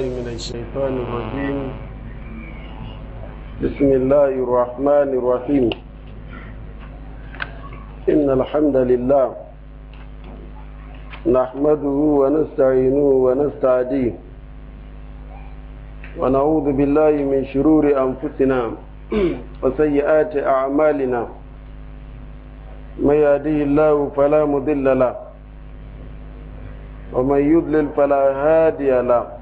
من الشيطان الرجيم بسم الله الرحمن الرحيم إن الحمد لله نحمده ونستعينه ونستعديه ونعوذ بالله من شرور أنفسنا وسيئات أعمالنا من يهديه الله فلا مضل له ومن يضلل فلا هادي له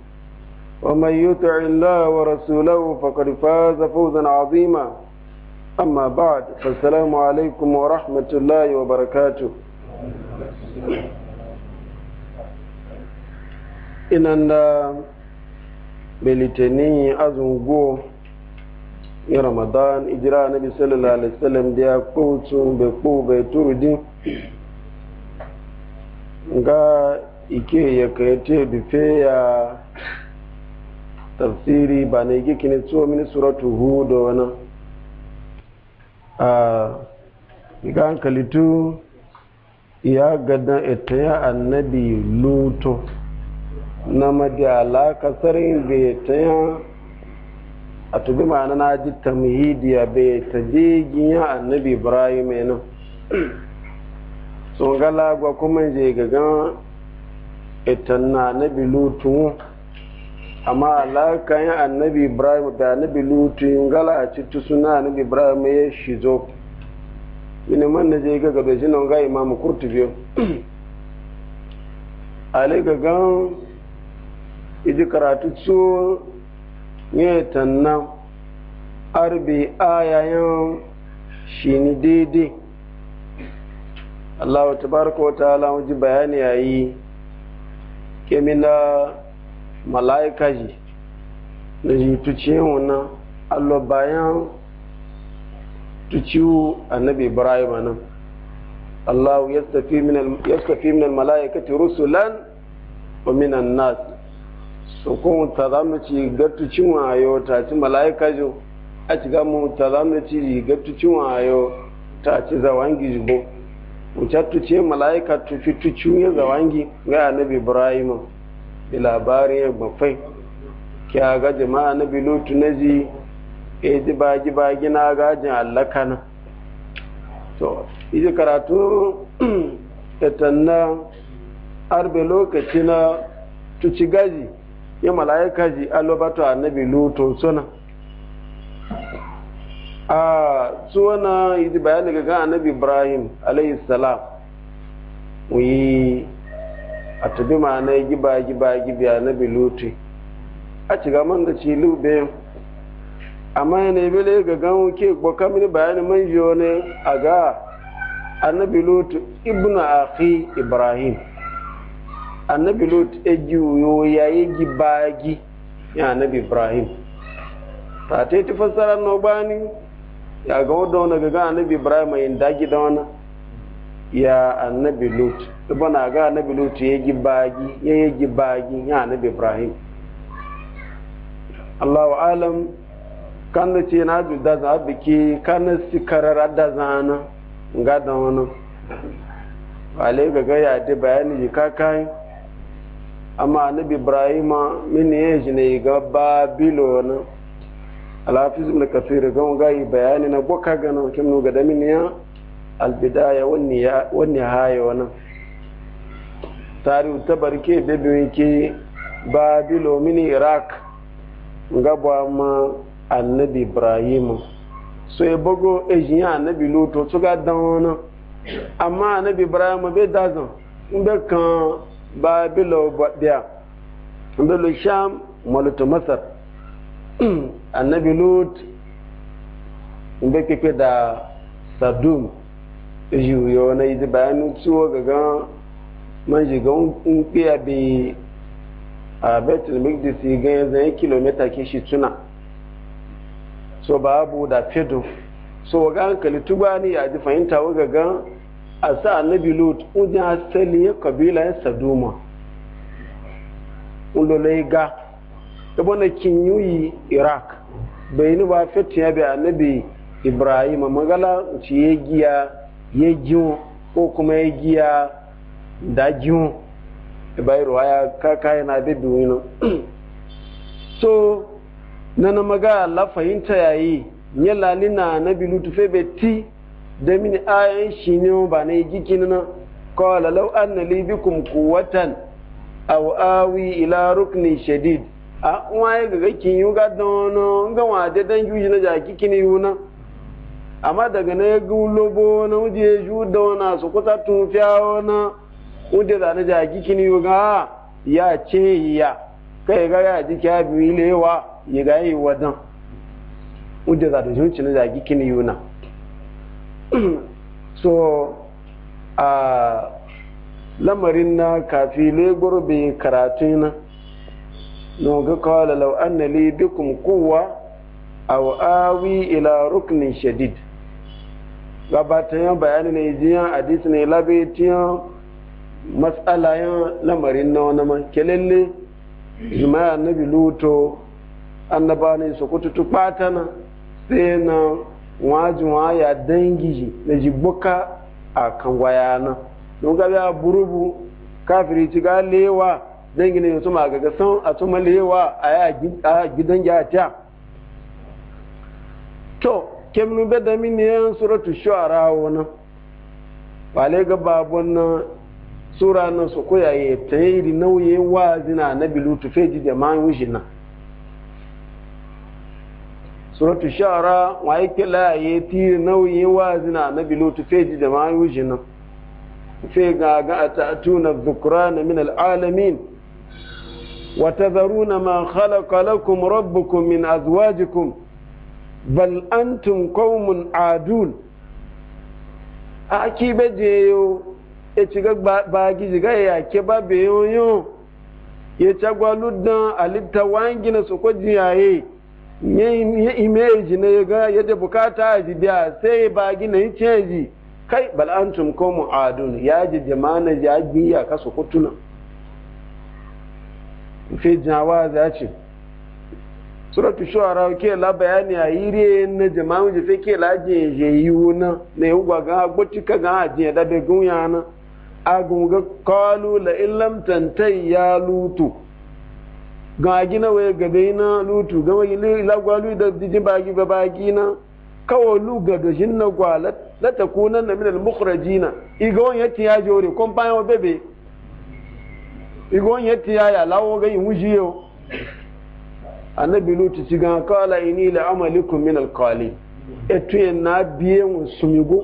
ومن يطع الله ورسوله فقد فاز فوزا عظيما أما بعد wa عليكم ورحمة الله وبركاته inanda belitani azungo ya ramadan ijira nabi sallallahu alaihi wasallam da ya kowace bai ko bai turudi ga ke ya kai te dufe tafsiri ba na yi kini tso mini suratu hudu wani a ga hankalitu ya gada ita ya annabi luto na alaka kasarin bai ta ya a tubi ma'ana na ji tamhidiya bai ta je ya annabi ibrahim nan sun galagwa kuma je gagan ita na annabi luto amma alakan ya annabi ibrahim da annabi lutu gala a cikin suna annabi ibrahim ya shizo ina man na je gaga da jinan ga imamu kurtubi ale gagan idi karatu su ne tanna arbi ayayen shi ni daidai Allah wa tabaraka wa ta'ala wajen bayani yayi kemina malaika ji na ji tuce wuna allo bayan tuciwu annabi ibrahim nan allahu ya tafi min ta rusulan wa min annas so ko ta zamu ci gattu cin wayo ta ci malaika ji a ci gamu ta zamu ci gattu cin wayo ta ci zawangi jibo mu cattu tuce malaika tufi tuci ya zawangi ga annabi ibrahim labarin ya gbafai kya ga jama'a na bilotu na ji e ji bagi bagi na gajin allaka na to iji karatu tatanna arbe lokaci na tuci gaji ya mala'ika ji a na lutu suna a suna iji bayani ga annabi ibrahim alayhi salam wuyi a tabi ma na yi giba giba ba gi na biluti a ci gaman da ci lube amma ya ne ga gano ke gbaka mini bayani man yi ne a ga annabi lutu ibn akhi ibrahim annabi lutu e jiyo ya yi giba gi ya annabi ibrahim ta ta yi ta fassara no bani ya ga wadda wani ga annabi ibrahim yin dagi da wani ya annabi lut bana ga annabi lut ya yi bagi ya yi bagi ya annabi ibrahim allahu alam kan da ce na du da za biki kan si karar da zana ga da wani wale ga ga ya da bayani ji kakai amma annabi ibrahim min ya ji ne ga babilon alhafiz ibn ga ga bayani na boka ga na kin ga da min ya albidaya wani haya wani tarihu tabarke bebe ke babilo mini iraq gaba ma annabi ibrahim so ya e bago ejiyan annabi luto su ga dan wani amma annabi ibrahim bai dazan inda kan babilo biya inda lo sham malutu masar annabi lut inda da sadum yiwuyo na ita bayanin ciwo gaga man shiga in bi a betul migdisi ga yanzu kilomita ke shi tuna so babu da fedo so waga hankali tuba ya ji fahimta wa ga a sa annabi lut a sali ya kabila ya saduma ulolai ga ta bane yi iraq bai ni ba fetu ya bi annabi ibrahim magala ciye giya ya jiwo ko kuma ya giya da jiwo bai ruwaya kaka yana bi duwino so nana maga la fahimta yayi nye lina na bi lutufe be ti da mini ayan shi ne ba na yi giki na kawala lau an na libikum kuwatan aw awi ila rukni shadid a waye ga gakin yuga dono ga wade dan yuji na jaki kini yuna amma daga na ya lobo na wuje ya ju da wani su kusa tun fiya wani wuje da na jagi kini ga ya ce ya kai ga ya ji kya biyu lewa ya ga yi wadan wuje da da zuci na jagi kini yuna so a lamarin na kafi legor bai karatu na na ga kawai lalau an na bikum kowa a wa'awi ila rukunin shadid gabatayen bayanin ne jiyan hadisi ne labe tiyan lamarin na wani man kelele jimaya na biluto annaba ne su kututu patana sai na waji waya dangi na jibuka a kan na don gabi a burubu kafiri ci ga lewa dangi ne yanzu ma gaga san a tuma lewa a gidan gyata to kemnu beda da min yan suratu shu'ara wona bale ga babon na sura na su koya yi tayri nauye wa zina na bilutu feji jama'an wujina suratu shu'ara wa yake la ye tiri nauye wa zina na bilutu feji jama'an wujina fe ga ga atatuna dhukrana min alalamin وتذرون ma khalaqa lakum rabbukum min azwajikum bal antum qaumun adun a ki be je yo e ci ga ba gi ga ya ke ba be yo yo ye ta lu dan ta wangi na su ko ya ye image ne ga yadda bukata ji biya sai ba gi na ji kai bal antum qaumun adun ya ji jama'a ya ji ya kasu kutuna fi ya ce suratu shuara ke la bayani a ire na jama'u je fe ke la je je yiwu na na yi gwa ga gboti ka ga je da be gun ya na agun ga qalu la illam tantai ya lutu ga gina we ga be na lutu ga we la da diji bagi ba bagi na kawo lu ga ga jin na gwa la takuna na min al mukhrajina igon yati ya jore kompanyo bebe igon yati ya ya lawo ga yi mujiyo annabi lutu ci gan kala ini la amalikum min alqali etu na biye mun sumigo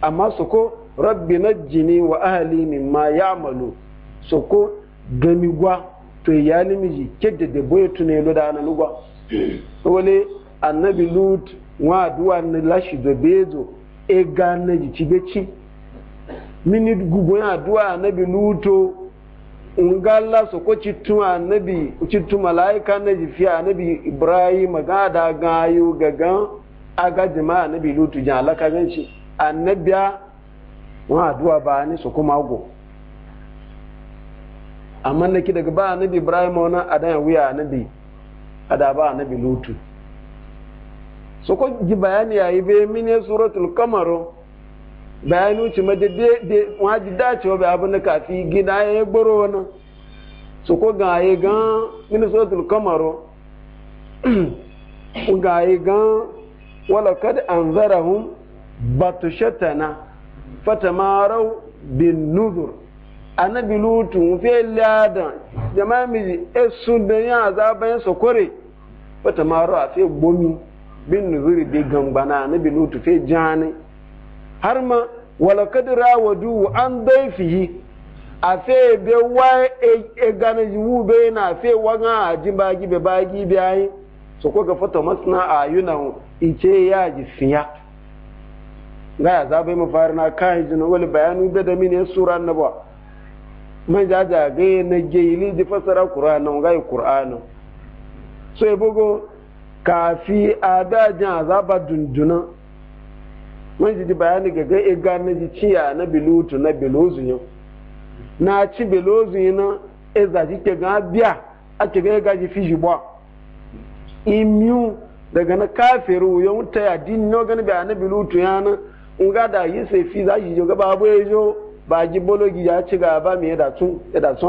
amma su ko rabbi najjini wa ahli mimma ya'malu soko ko gamigwa to e ya nimiji kedde de boye tune lo da nan lugwa wale annabi lut wa duwa na lashi de bezo e ga ji ci be mini gugu ya duwa annabi luto Allah su ko cittu annabi cittu malaika na jifi annabi ibrahim ga da gayu ga gan aga jima annabi lutu jan alaka gan shi annabiya wa addu'a ba ni su kuma go amma ki daga ba annabi ibrahim wannan adan wuya annabi ada ba annabi lutu su ko ji bayani yayi be mine suratul kamaru bayanu ci ma dede waji dacewa bai abu na kafi gida ya gboro wani su ko gaye gan minnesota kamaro gaye gan walakad an zarahun batushatana marau bin nuzur annabi lutu fi liyadan jama'a mi esu da ya yin sokore marau a fi gbomi bin nuzuri bi gangbana annabi lutu fi jani har ma wa rawadu an fiye a fe bai wa e, e gane wu bai na fe wa a aji bagi bai bagi be ai su ko ga fata masna a yuna ice ya ji siya ga ya bai mafari na kai jin wani bayanu da da mine sura ba man jaja ga na gaili di fasara qur'anin ga qur'anin so e bogo kafi za azaba dundunan wọ́n ji di bayani ga e ga na ji ciya na bilutu na ụzụ ya na ci belozu yi na eza ji ke a ke e ga ji fi ji bwa imiyu daga na kafiru ya wuta ya dị no gani ba na bilutu ya na nga da yi fi za e ya ga ya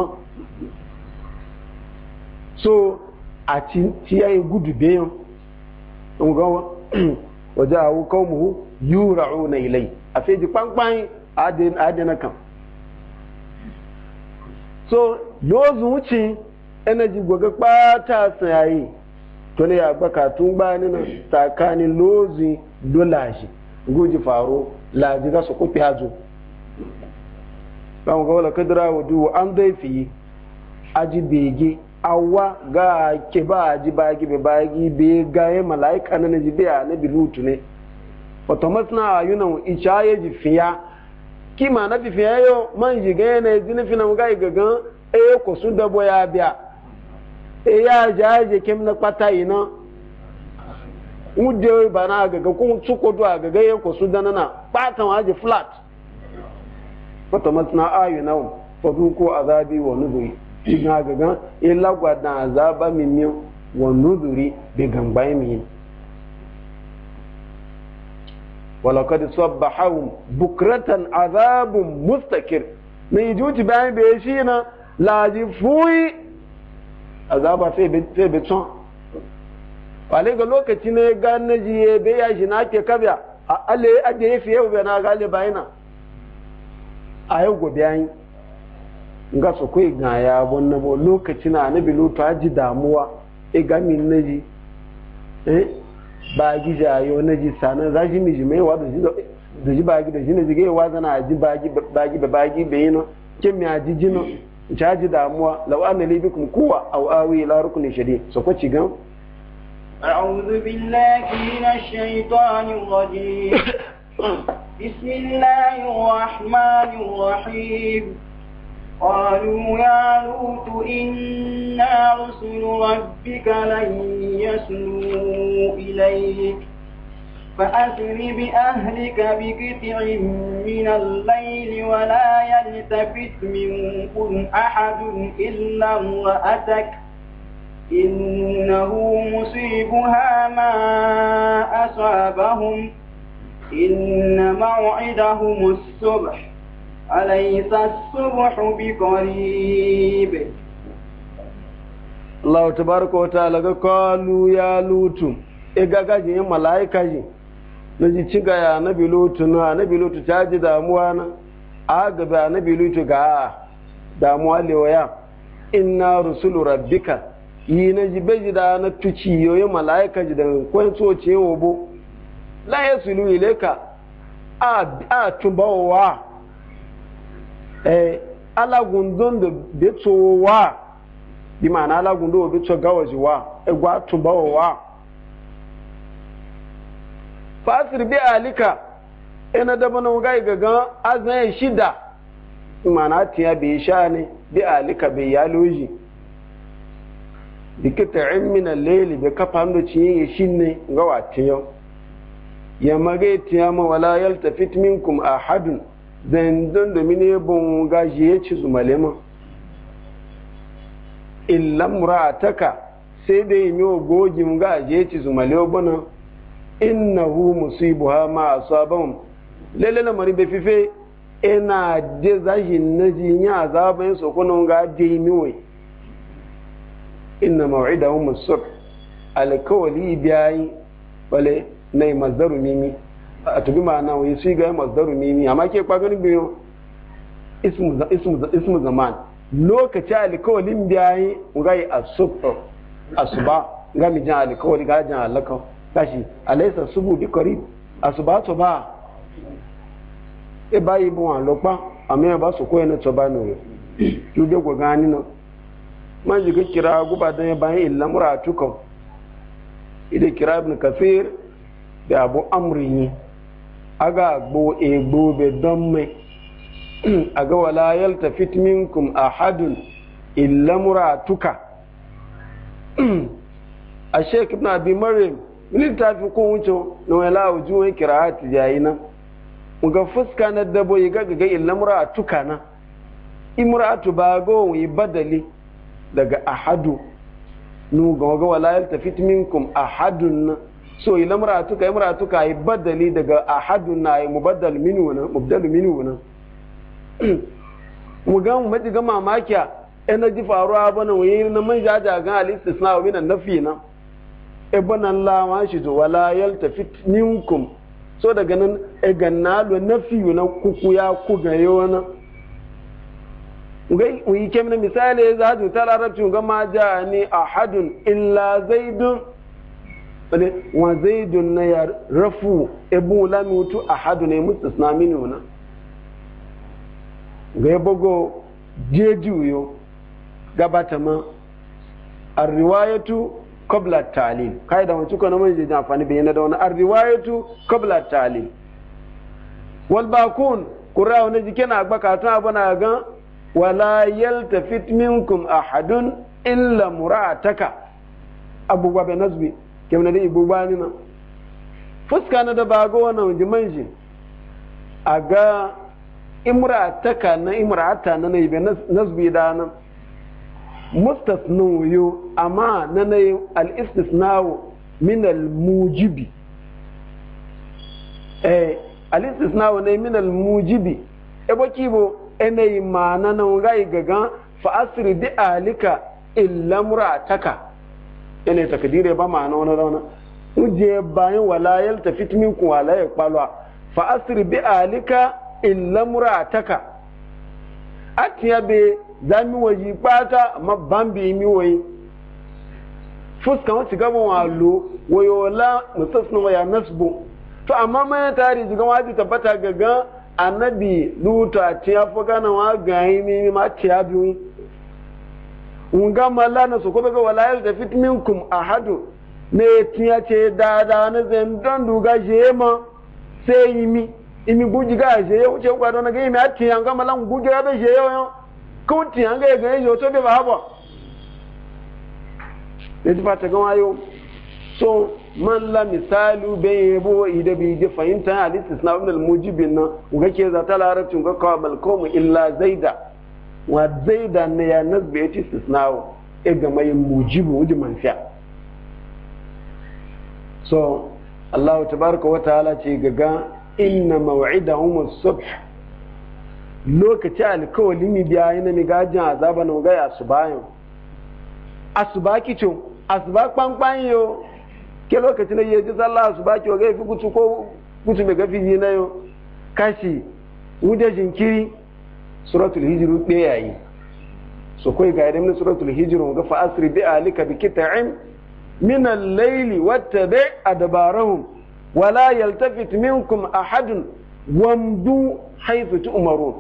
so a ci ci ya yura'una ilay àfẹ́jì pánpán adena kan so dozu wuce energy goga kpata sayayi to ne ya baka tun bani na tsakanin lozi dolaji goji faro laji za su kufi hazo zamu ga wala kadra wa du an daifi aji bege awa ga ke ba aji bagi be bagi be ga malaika na ne ji be a ne bilutu ne na ayunan ica ya ji fiya ki ma na fifiya yo man ji ga na ji nufi na muga gagan e ko su dabo ya biya e ya ja je kem na kwata ina ude ba na gaga kun su ko do gaga e ko su danana patan wa ji flat na watamatna ayunan fa ko azabi wa nuzuri ina gagan illa gwadan azaba min wa nuzuri be gangbaye min walakad hau bukratan azabun mustakir na ijuti bayan bai shi na laji fuyi azaba sai bai tson wale ga lokaci ne gan na jiye bai ya shi na ke kabiya a alle ya ajiye ya fiye bai na gale bayana a yau gobe yi. ga su kai ga ya wannan lokaci na anabi lutu ji damuwa e min naji eh bagi jayo na ji sanan za shi miji mai wa da ji bagi da shi ne jigai wa zana a ji bagi bagi ba bagi bai yi no kin mi a ji jino ta ji damuwa lau an na libi kuma kowa awi la rukunin shari so ko ci gan. أعوذ بالله من الشيطان الرجيم بسم الله الرحمن الرحيم قالوا يا لوط إنا رسل ربك لن يسلوا إليك فأسر بأهلك بقطع من الليل ولا يلتفت منكم أحد إلا امرأتك إنه مصيبها ما أصابهم إن موعدهم الصبح أليس الصبح بقريب الله تبارك وتعالى قالوا ga kalu ya lutu e نجي yin mala'ika نبي na ji ci gaya na bilutu na na bilutu ta ji damuwa na a gaba inna yi na ji beji da na tuci yoyin mala'ika ji da kwanto ce wo la yasulu ilaika a a tubawa eh alagundon da wa bi ma'ana alagundon beto betso wa egwa eh, tubawa fasir bi alika ina da bana ga gaga azan shida ma'ana tiya bi shani bi alika bi yaloji bi kita'in min al-layl bi kafan do ciye shinne gawa tiyo ya mage tiya ma wala yaltafit minkum ahadun zan don mini ya bin gashi ya ci zumalema illa murataka sai da yi miwa gogin gaji ya ci zumale bana innahu musibu ha ma sabon lalle lamari bai fife ina je zashi na ji azaban so kuna ga de yi miwa inna maw'idahum as musu alkawali biyayi wale nay mazdaru mimi a tabi ma'ana wai su ga masdaru mimi amma ke kwa ganin biyo ismu zaman lokaci alkawalin biyayi ngai asubta asuba ga mi jan alkawali ga alaka subu bi asuba ba e bayi bu an lopa ame ba so ko ene to ba no ju de kira guba dan ba yin lamura tukum ide kira abu aga gbo egbo be don mai aga wala yalta minkum ahadun illa muratuka a sheik ibn abi maryam littafi ko wuce na wala wujuhin kira'ati yayi nan ga fuska na dabo yi gaga ga illa muratuka na imratu ba go yi badali daga ahadu nu ga wala yalta minkum ahadun na so ila muratuka muratuka yi badali daga ahadun na yi mubaddal minu na mubdalu minu na mu ga mu madiga mamakiya ina ji faruwa bana wani na man jaja ga al-istisna wa minan nafi na e Allah ma shi zuwa wala tafi ninkum so daga nan e ganna lo nafi na kuku ya ku ga yona ugai uyi kemin misali za ta larabci ga ma ja ni ahadun illa zaidun wani wa zaidun na ya rafu ebu mutu a hadu ne suna mini wuna ga ya bago wuyo gabata ma arriwayatu kobla talil kai da wancu kana mai jejin amfani bayyana da wani arriwayatu kobla talil wal bakun wani jike na gbaka tun na ga wala yaltafit minkum ahadun illa murataka abubuwa bai nazbi kemna da igbo bani na fuska na da bago wannan jimanji a ga imrataka na imrata na na ibe nasbi da nan mustasnu yo amma na na al-istisnawu min al-mujibi eh al-istisnawu ne min al-mujibi e bakibo enai ma na e e ga gaga fa asri di alika illa murataka ene takdire ba na wannan rauna uje bayan wala yal tafit minkum wala fa asri bi alika in lamra'ataka atiya be zami waji ma bambi mi wai fuska wacce gaban walo wayola mutasnu ya nasbu to amma mai tari jiga waji tabbata gaga annabi luta ce ya fi gana wa gayi ma ce ya nga mala na so ko ga wala yau da hadu na ya tiya ce da da na zai don duga je ma sai yi mi, imi guji ga je yau ce kwado na ga yimi tiya nga mala guji ga be je yau ko ku nga ga yo to be ba habo ne ti fata ga wayo so man la misalu bai yi ida bi ji fahimta hadisi na ibn al-mujibin nan ga ke za ta larabcin ga kawal qawm illa zaida wa zai da na ya nasbe ya ce istisnawo e ga mai mujibu wuji manfiya so allahu tabaraka wa ta'ala ce gaga inna maw'idahum as-subh lokaci alkawali mi biya yana mi gajin azaba na ga ya subayin asuba kicin asuba kwankwan yo ke lokaci na yaji sallah asuba ki ga fi kutu ko kutu me gafi yi na yo kashi wuje jinkiri suratul hijiru ɓeyayi so kai ga yadda suratul hijiru ga fa asri bi alika bi kita'in min al-layli wattabi adbarahum wala yaltafit minkum ahadun wamdu haythu tu'marun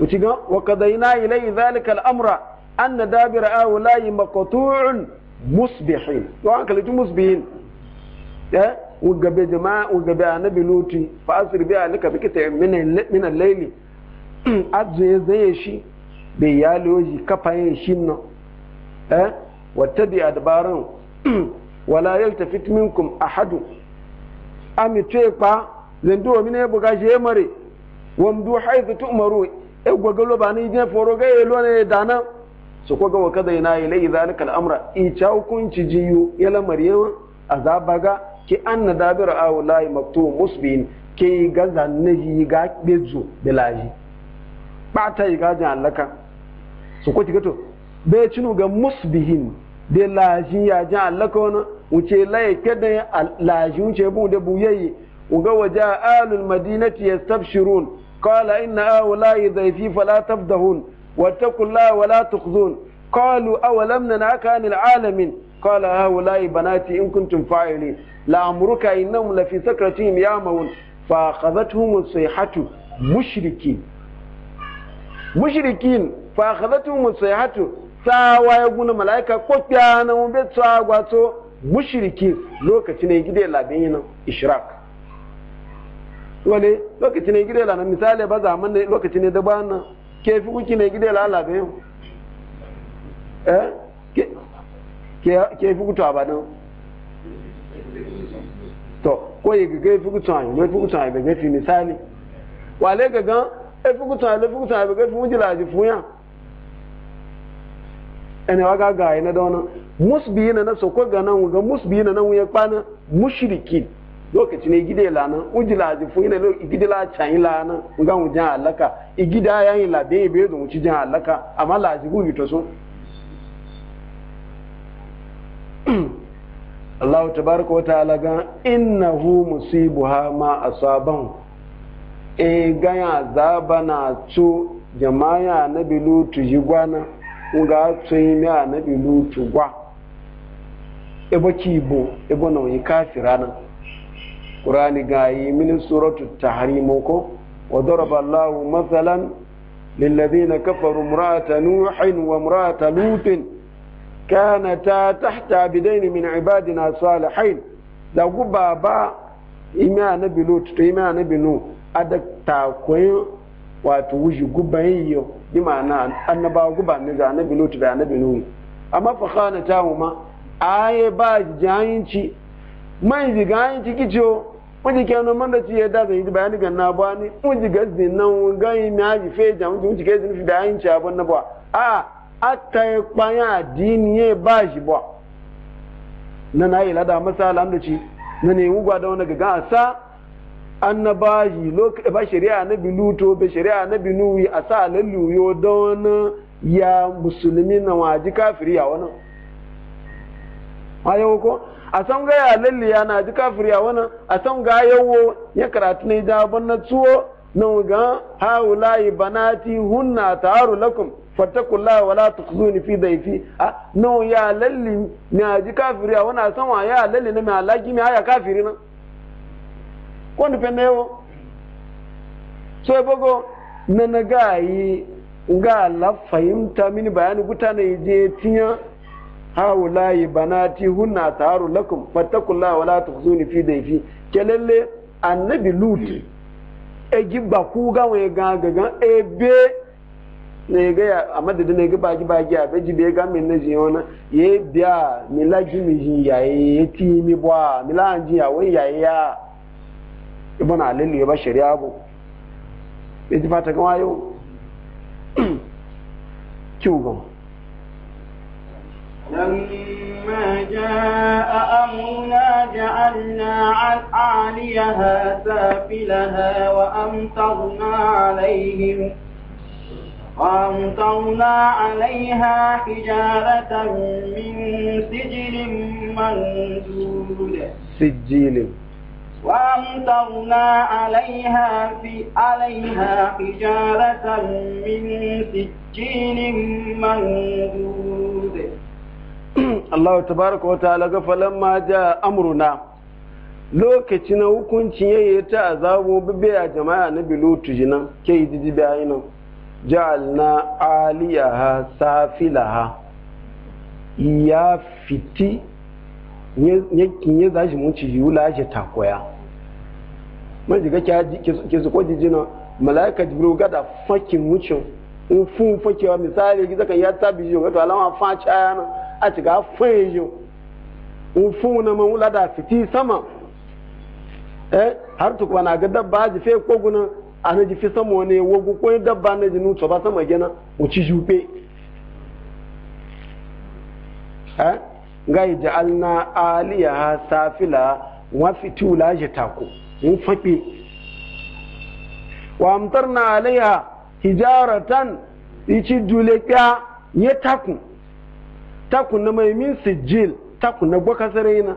wuci ga wa qadayna ilayhi dhalika al-amra أن دابر هؤلاء مقطوع musbihin to an litin musbihin ya eh? wugabe jama'a wugabe annabi luti fa asir bi alika bi kita min al-layli azu ya shi bai yaloji kafa yin shi nan eh wata bi adbaran wala yaltafit minkum ahadu ami tepa zendo mine buga je mare wamdu tu tu'maru e gwagalo ba ni je foro ga yelo ne dana su ko ga wa kada ina ilai zalika al'amra I cha hukunci jiyu yala maryawa azaba ga ki anna dabira awlai maktum musbin ke ga zanne yi ga bezu bilaji bata yi gajin allaka su ko ti gato be cinu ga musbihin de laji ya ja allaka wona uce laye kede laji uce bu de bu yayi uga waja alul madinati yastabshirun qala inna awla yadhifi fala tabdahun wattaqu la wala tukhzun qalu awlam nanaka anil alamin qala awla banati in kuntum fa'ilin la ina innahum lafi sakratihim yamun fa akhadhatuhum sayhatu mushrikin mushrikin fa akhadhatuhum sayhatu sawa ya guna malaika ko kyana mu be tsawa gwato mushriki lokacin ne gide labin yin ishrak wale lokacin ne gide lanan misali ba zaman ne lokacin ne da ba nan fi kuki ne gide la labin eh ke ke fi kutu abadan to ko yi ga fi kuta ne ga fi kuta ne ga fi misali wale ga gan efukutu a lefukutu a bɛ fun jila aji fun ya ɛnɛ wa ka gaa yi musbi yi na na soko gana ŋun musbi yi na na ŋun ye kpana mushiriki lokaci ne la na jila fun na la la alaka igide aya yi la den yi jan alaka ama la aji k'u to so. ma asabahu e gaya zaba na tso jama'a na bilutu yi gwana nga tso yi mi a na bilutu gwa ebo kibo ebo na yi kafira nan ga yi mini suratu tahrim ko wa daraba Allahu mathalan lil kafaru murata nuhin wa murata lutin kanata tahta bidaini min ibadina salihin da gubaba ba imi a na bilutu to imi a na bilutu ada ta takoyin wato wuji gubayin yau bi ma'ana annabawa guba ne ga annabi lutu da annabi nuhu amma fa khana ta huma aye ba jayinci mai jigayinci kicho wani ke nan manda ci ya da yi bayani ga na ba ni wani gazin nan gani na ji feja wani wani ke zin fi da yin ci abin na ba a atta ya kwanya addini ya ba shi ba na na yi lada masa da ci na ne wugwa da wani gaga a sa annabaji lokaci ba shari'a na biluto ba shari'a na binuwi a sa lalluyo don ya musulmi na waji kafiri a wani ayo ko a san ga ya lalliya na ji kafiri a wani a san ga yawo ya karatu ne da na tuwo na ga haulayi banati hunna taru lakum fattakullah wala tukhzuni fi dayfi a no ya lalli na ji kafiri a wani a san wa ya lalli na mai alaki mai haya kafiri na ko ni pende wo bogo na na ga yi ga la fahimta mini bayani gutane je tinya haulayi banati hunna taharu lakum fattakullaha wala tukhzuni fi dayfi kelele annabi lut e gibba ku ga we ga ga ga e be ne ga a madadin ne ga baji baji a beji be ga min naji yona ye biya mi laji mi ji ya ye ti mi bwa mi la ji ya we ya ya ابن علي يبشر ba ابو انت فاتك ji fata kan wayo لما جاء أمرنا جعلنا عاليها سافلها وأمطرنا عليهم وأمطرنا عليها حجارة من سجل منزول سجل وأمطرنا عليها في عليها حجارة من سجين منضود الله تبارك وتعالى فلما جاء أمرنا lokaci na hukunci ya yi ta azabu bibe a jama'a na bilutu jina ke yi jiji bayi nan ja'al na aliyaha ha ya fiti ya kinye zashi mun ci yi wula shi takoya man diga ke su kwaji na malaika jibril gada fakin wucin in fun fakewa misali gida kan ya tabi jiyo gato alama fa caya na a ci ga fayin jiyo in fun na man wula da fiti sama eh har tukwa na ga dabba ji fe koguna a na ji sama wani wogu ko dabba na ji nuto ba sama gina uci jupe eh ga yi ja'alna aliyaha safila wa fitula ji tako Wa faƙi na amtarna alaiha hijaratan ichi dule ya yi takun takun na mai min sijil takun na gwaka sarai na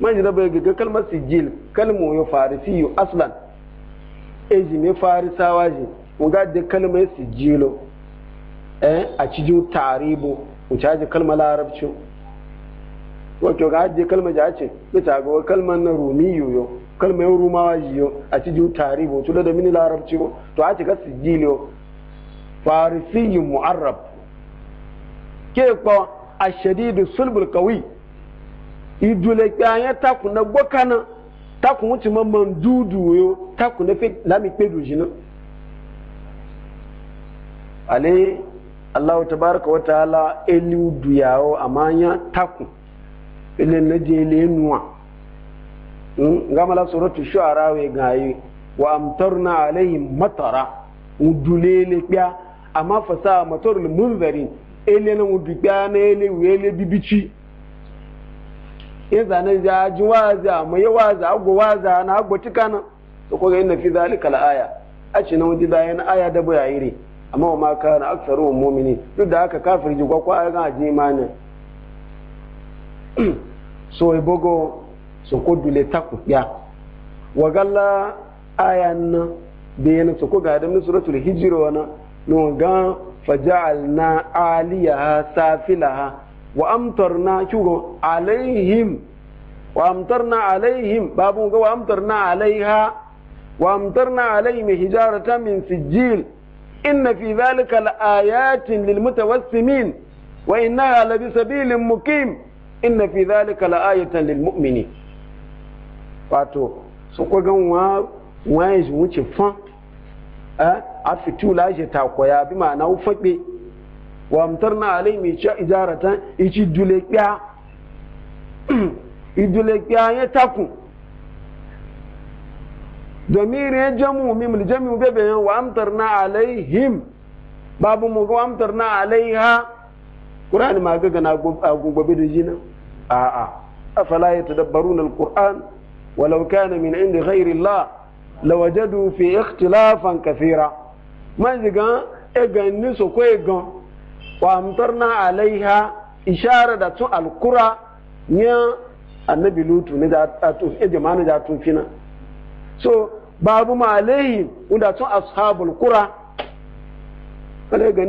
man bai gaga kalmar sijil kalmo ya farisi yu aslan eji mai farisawa ji uga da kalmar sijilo eh a cijin taribo wuce aji kalmar larabci wato ga aji kalmar ja ce bisa ga kalmar na rumiyu yau kalma yau rumawa jiyo a ci jiyo tari bo tula da mini larabci ko to a ci ka sigiliyo farisiyi mu'arrab ke kwa a shadidu sulbul kawi idule kyanya taku na gwakana taku wuce mamman dudu yo taku na lami pedo jina ale Allah tabaraka wa ta'ala eliu duyawo amanya taku ile na je ile nuwa gamala suratu shu'ara we gayi wa amtarna alaihim matara udulele kya amma fasa matarul munzarin ele na udu kya na ele wele bibici in zanen ja ji waza mai waza agwa waza na agwa tikana to ko ga inna fi zalika alaya a ce na wadi bayan aya da bayire amma wa ma kana aktsaru mu'minin duk da aka kafir ji gwakwa ga aji imanin so ibogo soko dule taku ya wagalla aya na bayan soko ga da suratul hijr wana no ga faja'alna aliyaha safilaha wa amtarna shugo alaihim wa amtarna alaihim babu ga wa amtarna alaiha wa amtarna alaihim hijaratan min sijil inna fi dhalika laayatin lilmutawassimin wa innaha labisabilin muqim inna fi zalika laayatan lilmu'minin wato sokogan wa wayan shi wuce fan a fitu lashe takwaya bi ma'ana faɓe wa mutar na alai mai ci ijaratan ici dule kya idule kya ya taku domin ya jamu mimul jamu bebe yan wa amtar na alaihim babu mu ga amtar na alaiha qur'ani ma ga gana gobe da jina a'a afala yatadabbaruna alquran ولو كان من عند غير الله لوجدوا في اختلافا كثيرا ما زغا اغان سوكو كو وامترنا عليها اشاره تو القرى يا النبي لوط ندا اتوف اجما ندا توفينا so babu ma alayhi wanda tun ashabul qura kale ga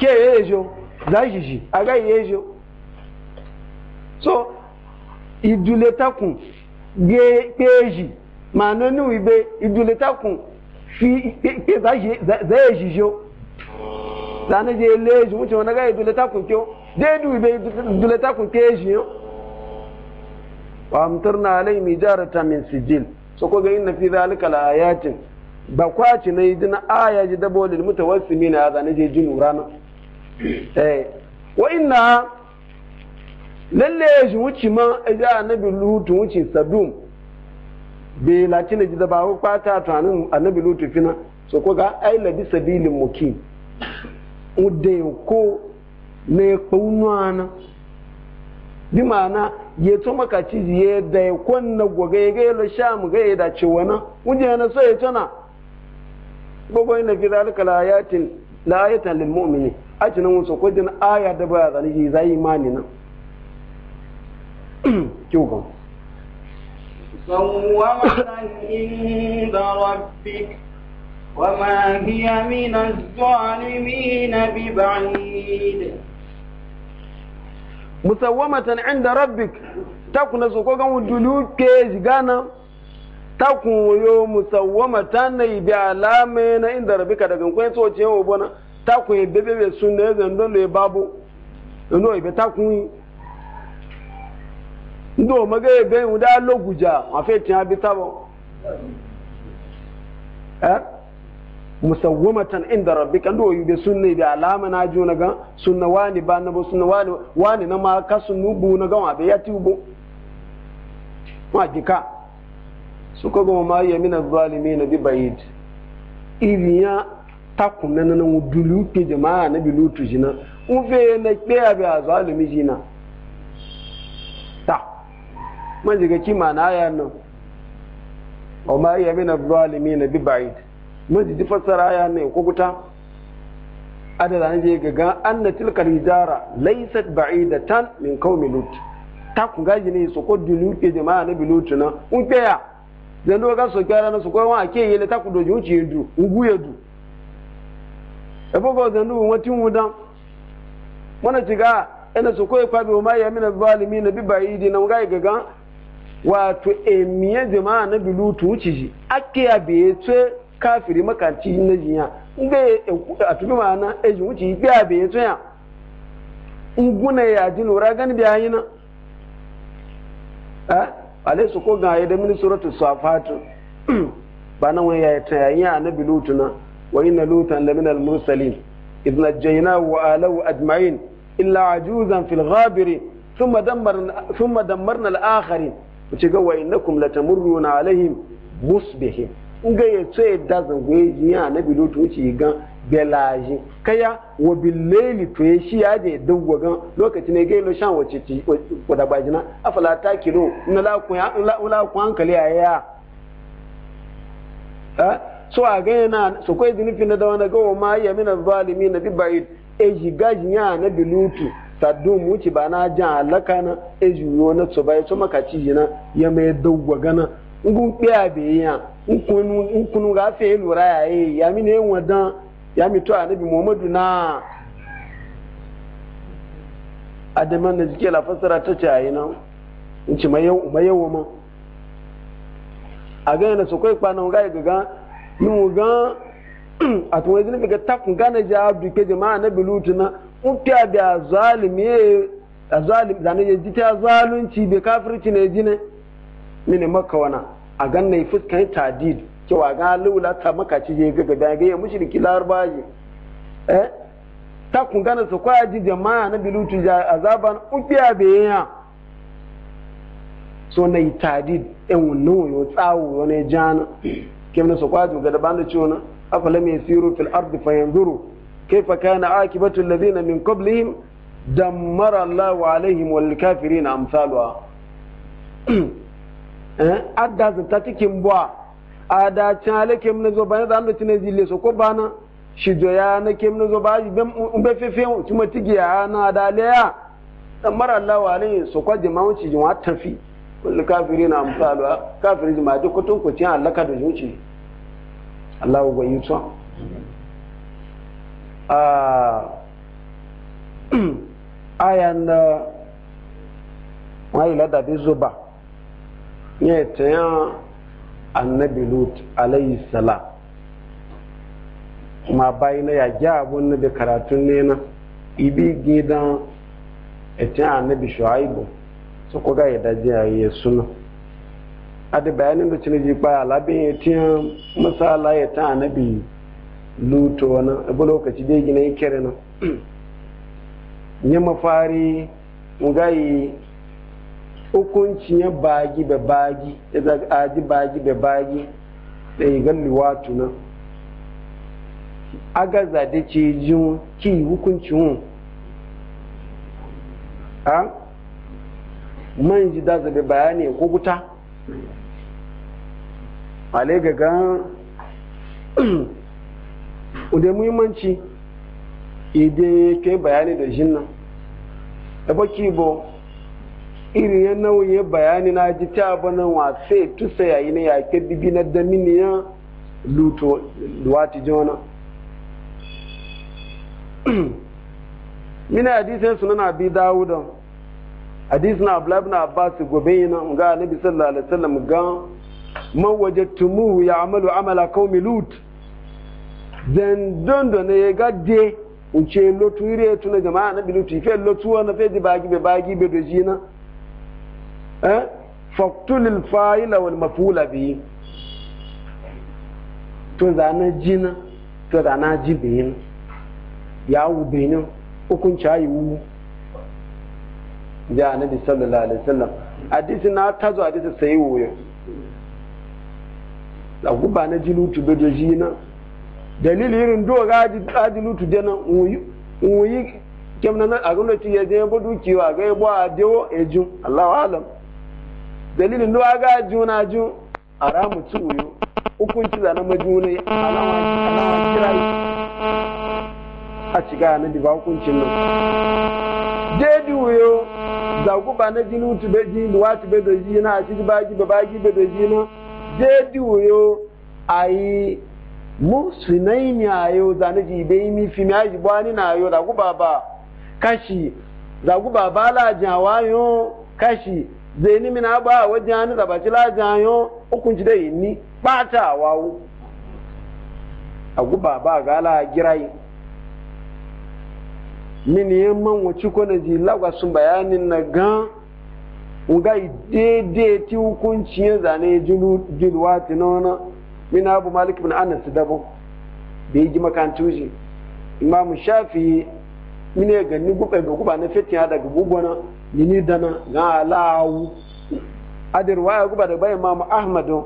كي ايجو ke yejo za shi so ìdúlé takùn gé péèjì màá nínú ìgbé ìdúlé takùn fi pé zẹ́ẹ̀jì yó lánàá jẹ́ eléèjì wọ́n ti ìdúlé takùn kí ó déédú ìgbé ìdúlé takùn kéèjì yó. وامطرنا عليهم إجارة من سجيل سوكو ayatin في ذلك الآيات بقواتي نيدنا آية جدبو للمتوسمين هذا نجي جن ورانا wa وإنها lalle shi wuce ma ja annabi lutu wuce sadum be lati ne ji da ba ko kwata to annabi lutu fina so ko ga ai labi sabilin mukim ude ko ne kunu ana bi ma'ana ya to maka ci ya da ya kwanna goga ya ga ya sha mu ga ya da ce wana wuje na so ya tana gogo ina fi zalika la ayatin la ayatan lil mu'mini ajinan so ko din aya da ba zalika zai imani na جوقهم مسومة عند ربك وما na من الظالمين ببعيد مسومة عند taku yo musawwama na ibi alama na inda daga kwen so ce yau bona ibe bebe sun da ya zan don ya babu ino ibe takun ndị omega ebe ihu da loguja ma fe tiya bi tabo eh musawwamatan inda rabbika ndo yube sunna bi alama na juna ga sunna wani ba na sunna wani wani na ma kasu sunnu bu na ga wa be yati bu ma dika su ko goma ma yamina na bi bayid ya takunna na na dulu ke jama'a na bi lutu jina ufe na kpe abi azalimi jina man ziga ki ma na aya nan o ma iya mina zalimi na bi ba'id man ji fassara aya nan ko kuta adada ne je gaga anna tilka hijara laysat ba'idatan min qaumi lut ta ku gaji ne so ko dinu ke jama'a na bilutu na un peya dan do ga so kyara na so ko wa ke yele ta ku do ju ci du ugu yedu e bogo dan du wati wudan mana ci ga ina e so ko fa e bi ma ya mina zalimi na bi ba'idina ngai wato emiye jama'a na bilutu wuce shi ake ya biye tse kafiri makanci na jiya nga a tumi ma'ana eji wuce bi a biye tse ya nguna ya ji nora gani biya yi na a eh, alai su ko ga ya da ministratu safatu ba na wani ya yi ta yayi a na bilutu na wa na lutan da minal mursalin idh najjaynahu wa alahu ajma'in illa ajuzan fil ghabirin ثم دمرنا ثم دمرنا الاخرين ci ga wa innakum latamurruna alaihim musbihim nga ya tsaye da zangwe jiya na biloto ci gan belaji kaya wa billeli to ya shi ya da dangwa gan lokaci ne gailo shan wace ci wada bajina afala ta kilo na la ku hankali a ya so a ga yana so kai zinufi na da wani gawa ma ya mina zalimi na bibayit e jiga jiya na bilutu. saddu muci ba na jan alaka na ejuyo na tsoba e ya tsoma ka ci jina ya mai dawwa gana ngun kpeya be ya nkunu ga fe e lura ya yi e, ya mi ne wadan ya mi to anabi muhammadu na adaman na jike la fasara ta ci ayi nan in ci mayawa ma a gani na su kwanan ga ga yi mu ga a tuwa ga takun gane ja abdu ke jama'a na ukiya da zalimi a zalimi zane ya ji ta zalunci bai kafirci ne jine mini maka wana a gan na fuskan tadid cewa ga lula ta maka ci je gaga da ga ya mushriki larbaji eh ta kun gana su kwa ji jama'a na bilutu ja azaban ukiya bai ya so na yi tadid ɗin wani yo tsawo wani jana kemna su kwa ji gada da ban da ciwo na ya siru fil ardi fayanzuru kaifa kana akibatu alladhina min qablihim dammara Allahu alaihim wal kafirin amsalwa eh adda zata cikin bua ada chale kem ne zo bana da ando tine zile so ko bana shi joya na kem ne zo baji bem umbe fefe kuma tigiya na da leya dammara Allahu alaihim so ko jama'u ci jama'a tafi kullu kafirin amsalwa kafirin jama'a ko tun ko cin Allah ka da zuci aya na lada ladabi zuba ya ta yi annabi lut alayhi salam ma bayi na ya gya abu na da karatu ne na ibi gidan etin annabi shu'aibu su ko ga ya daji a yi suna a da bayanin da cinaji baya labin etin masala ya ta annabi luto na abu lokaci dai gina yi kere na ya mafari ngayi hukunci ya bagi be bagi ya aji bagi be bagi da yi galli watu na Agaza zade ce jin ki hukunci hun a man ji da bayani ko guta ale ga gan da muhimmanci idan eh, ke bayani da jinna da baki bo irin ya nauyin bayani na ji ta bana wa sai tusa yayi na yake bibi na da miniya luto wati jona mina hadisin sunan bi dawudan hadis na abla ibn abbas gobe yana ga annabi sallallahu alaihi wasallam ga man wajadtumuhu ya'malu amala qaumi lut zan dondo na ya gadde in ce lotu ire tu na jama'a na bilu tife lotu wa na fe di bagi be bagi be do jina eh faqtulil fa'ila wal maf'ula bi to zana jina to zana jibin ya wu benin ukun chayi wu ya nabi sallallahu alaihi wasallam hadisi na tazo hadisi sayi wuyo la guba na jilu tu be do jina dalili irin do ga ji adi lutu dena uyi kem nan na gano ci yaje bo dukiyo a ga ebo a dewo eju Allahu alam dalilin do ga juna ju aramu ci uyo hukunci da na majuna alawa alawa kirai a ci ga na diba hukuncin nan dedi uyo da guba na jinu tu be ji luwa tu be do ji na a ci ba ji ba ba ji be do ji na dedi uyo ayi musu na yi mi ayo zane ji be yi mi fi mi aji bo ani na ayo zagu baba kashi zagu baba la jawa yo kashi zeni mi na ba wajen zaba ci la jayo hukunci da yi ni bata wawo agu baba ga la girai mini yan man wuci ko na ji lagwa sun bayanin na gan nga daidai ti hukunci ya zane jiluwa tinona min abu malik bin anas dabo da yi gima kan tuji imam shafi mine ga ni guba na fitin daga ni dana na alawu adir waya guba da bayan imam ahmadu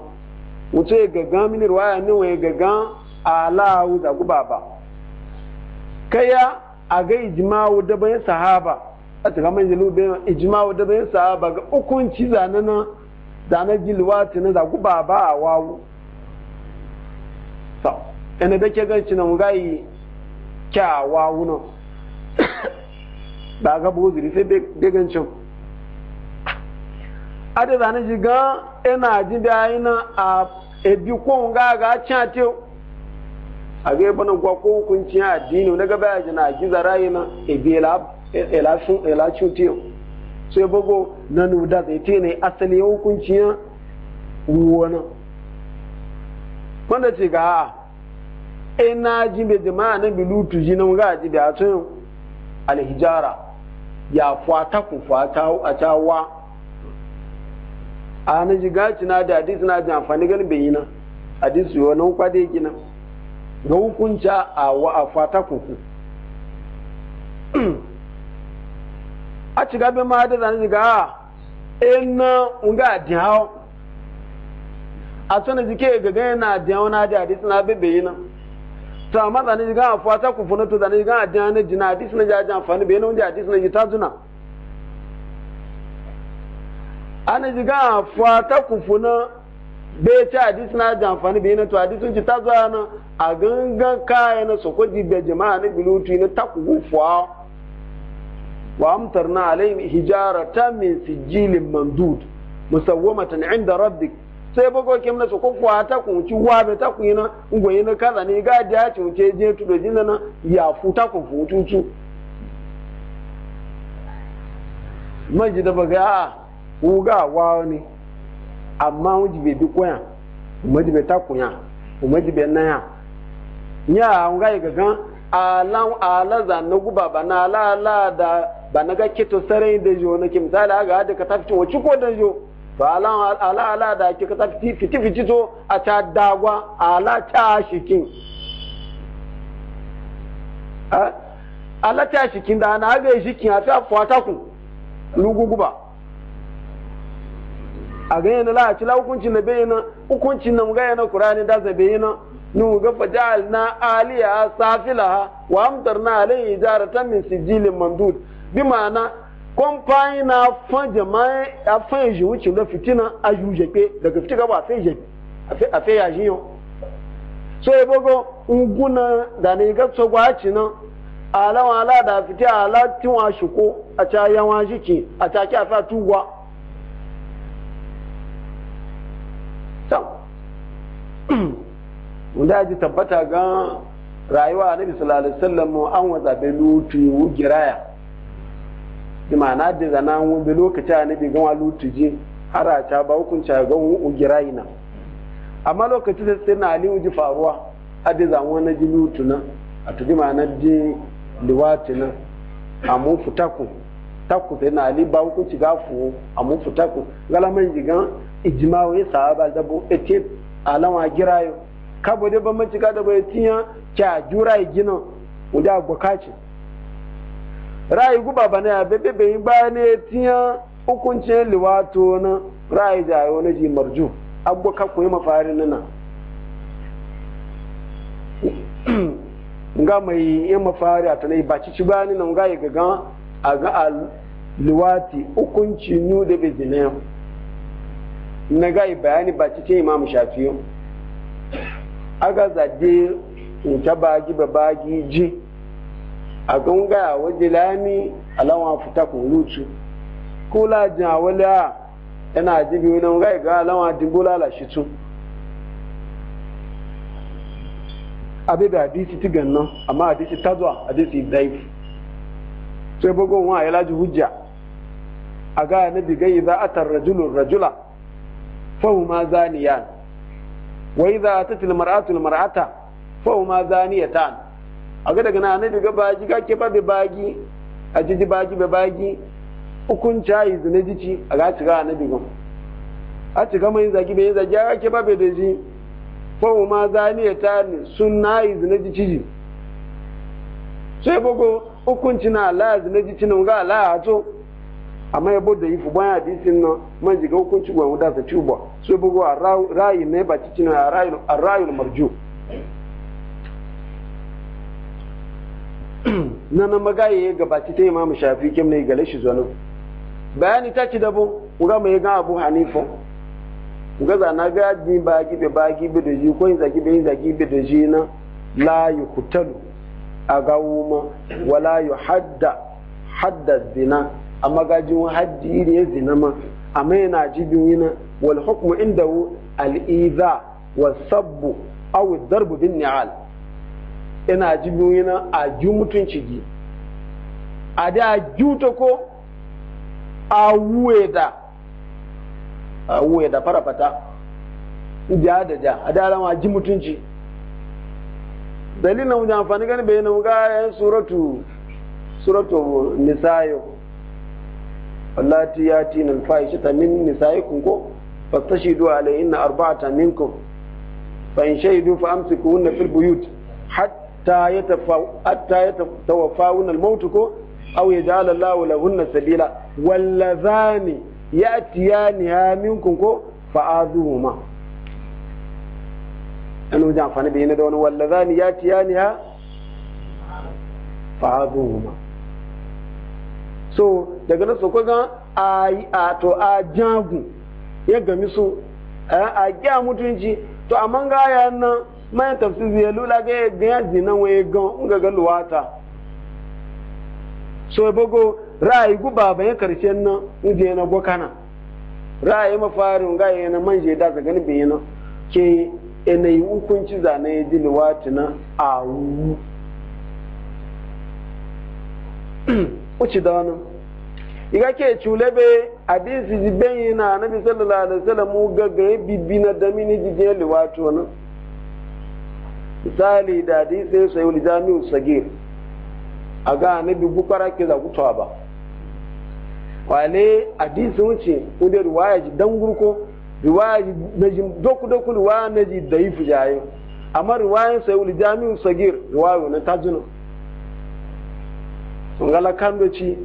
mutu ya gaga mini waya ni waya a alawu da ba kaya aga ga ijma'u da sahaba a tuka man so ene da ke ganci na mugayi kyawa wuno ba ga bozuri sai be gancin ada da na jiga ina ji da ina a ebi ko nga ga chate a ga bana gwa ko hukunci addini daga baya ji na giza rayina ebi e, e la ela sun ela chutiyo sai bago na nuda zai tene asali hukunci ya wona wanda ce ga e na ji be jama'a na bi lutu ji na ga ji da tun alhijara ya fata ku fata a tawa a na ji gaci na da hadisi na ji amfani ganin bai yi na hadisi yau na kwade gina ga hukunca a wa a fata ku ku a ci gabe ma da zan ji ga e ah, na nga um di a tsana jike ga gaya na da wani da hadisi na bebe yi nan to amma zane jiga a fata ku funa to zane jiga a jiya na jina hadisi na jaji amfani bai nan da hadisi na yi ta zuna a ana jiga a fata ku funa bai ci hadisi na jaji amfani bai nan to hadisi ji ta zuwa na a gangan kaya na sokoji bai jima'a na bilutu na takuhu fuwa wa amtarna alaihim hijaratan min sijilin mandud musawwamatan inda rabbik sai bako kim na soko kwa ta kun ci wa bai ta kun na ngwe na kaza ne ga da ci wuce je tu da jin na ya fu ta kun fu tu tu maji da baga a u ga wa ne amma u ji be bi koya u ji be ta kun ya u ji be na ya nya u ga ga gan ala alaza na guba bana ala ala da bana ga kito sarai da jo na kim sala ga da ka tafi wa ci ko da jo to ala ala da ki ka fiti fiti fiti to a ta dagwa ala ta shikin ala ta shikin da na ga shikin a ta fata ku luguguba a ga yana la ci la hukuncin na bayyana hukuncin na ga yana qur'ani da za bayyana nu ga fajal na aliya safila wa amtarna alayhi jaratan min sijilin mandud bi ma'ana kompanyi na afan jama'a afan ji wuce lo fitina ayu jepe daga fitika ba afan jepe afan ya yɔ. so e bogo nguna da ne ga so gwa ci nan ala wa ala da fiti ala ti wa shuko a ta yan wa jiki a ta ki afa tuwa so wanda ji tabbata gan rayuwa annabi sallallahu alaihi wasallam an wazabe lutu giraya imana da zana wun da lokaci a nabi gan walu tuje hara ta ba hukunci ga wun ugira ina amma lokaci da sai na ali uji faruwa a da zan na ji lutuna a tuji tudi ji liwati na a mun futaku taku sai na ali ba hukunci ga fuwo a mun futaku galaman jigan ijimawa ya sahaba zabo ete alama girayo kabo da ban manci e ka da bai tiya kya jura e gina wuda gwakacin rai guba ba na abe bebe ba ne tiya hukuncin liwato na rai da ayo na ji marju agbo ka koyi mafari nana nga mai yin mafari a tanai ba ci ci ba ni na nga yi gaga a ga a liwati hukunci nu da be zina na ga yi bayani ba ci ce imamu shafiyo aga zade in ta bagi ba bagi ji agunga a Lawan futa kun lutu kula ja a yana jibi wani ga ga alawa dingula la shi tun abe da hadisi ti ganna amma hadisi tazwa hadisi daif sai bugo wa ya laji hujja a ga nabi ga idza atar rajulun rajula fahuma zaniya wa idza atat al mar'atu al mar'ata zaniya zaniyatan aga daga na annabi ga baji ga ke ba be baji a jiji baji be baji ukun chai zune jici a ga ci ga annabi ga a ci ga mai zaki be zaki ga ke ba be da ji ko ma zani ya ta ni sunna yi zune jici ji sai bogo ci na ala zune jici na ga ala ato amma ya da ifu ban hadisin nan man jiga ci gwan da ta tuba sai bogo a rayi ne ba na a rayi marju nana magaye ya gabaci ta imamu shafi kim ne gale shi zuwa bayani ta ci dabo uga mai ga abu hanifo uga za na ga ji ba be ba be da ji ko yin ki be yin ki be da ji na la yuqtalu a ga wala yuhadda hadda zina amma ga ji haddi ne zina ma amma yana bin yana wal hukmu indahu al-idha was sabbu aw ad-darbu bin ni'al ina ji nan a ji mutunci ji a da juta ko a wuwe da a wuwe da fata ja da ja a da rama ji mutunci dalilin wajen amfani gani bai na wuga yan suratu suratu nisayo nisayi kunko alfahishata min nisaikum ko fastashidu alayhinna arba'atan minkum fa in shahidu fa amsikuhunna fil buyut حتى Ta ya tawaffawun al-mautu ko aw yaj'ala Allahu lahunna sabila wallazani ya'tiyaniha minkum ko fa'azuhuma an wajen amfani da na da wani wallazani ya'tiyaniha fa'azuhuma so daga nan so ko ga a to a jagu ya gami su eh, a gya mutunci to amma ga nan man tafsir ya lula ga ya zina wa gan ga ga luwata so bogo ra'ayi gu baba ya karshen nan inje na gokana ra'ayi mafarin ga yana manje da ga ganin bayyana ke yanayi hukunci zane ya ji luwata na awu uci da wani iga ke culebe hadisi ji na nabi sallallahu alaihi wasallam ga ga bibi na damini jijiyar luwata wannan misali da hadisai sai wani jami'u sagir a ga annabi gufara ke za kutuwa ba wale hadisi wuce kudin ruwaya ji dan gurko ruwaya ji na ji doku doku riwaya na ji da yi fujaye amma riwaya sai wani jami'u sagir ruwaya na tajuna sun gala doci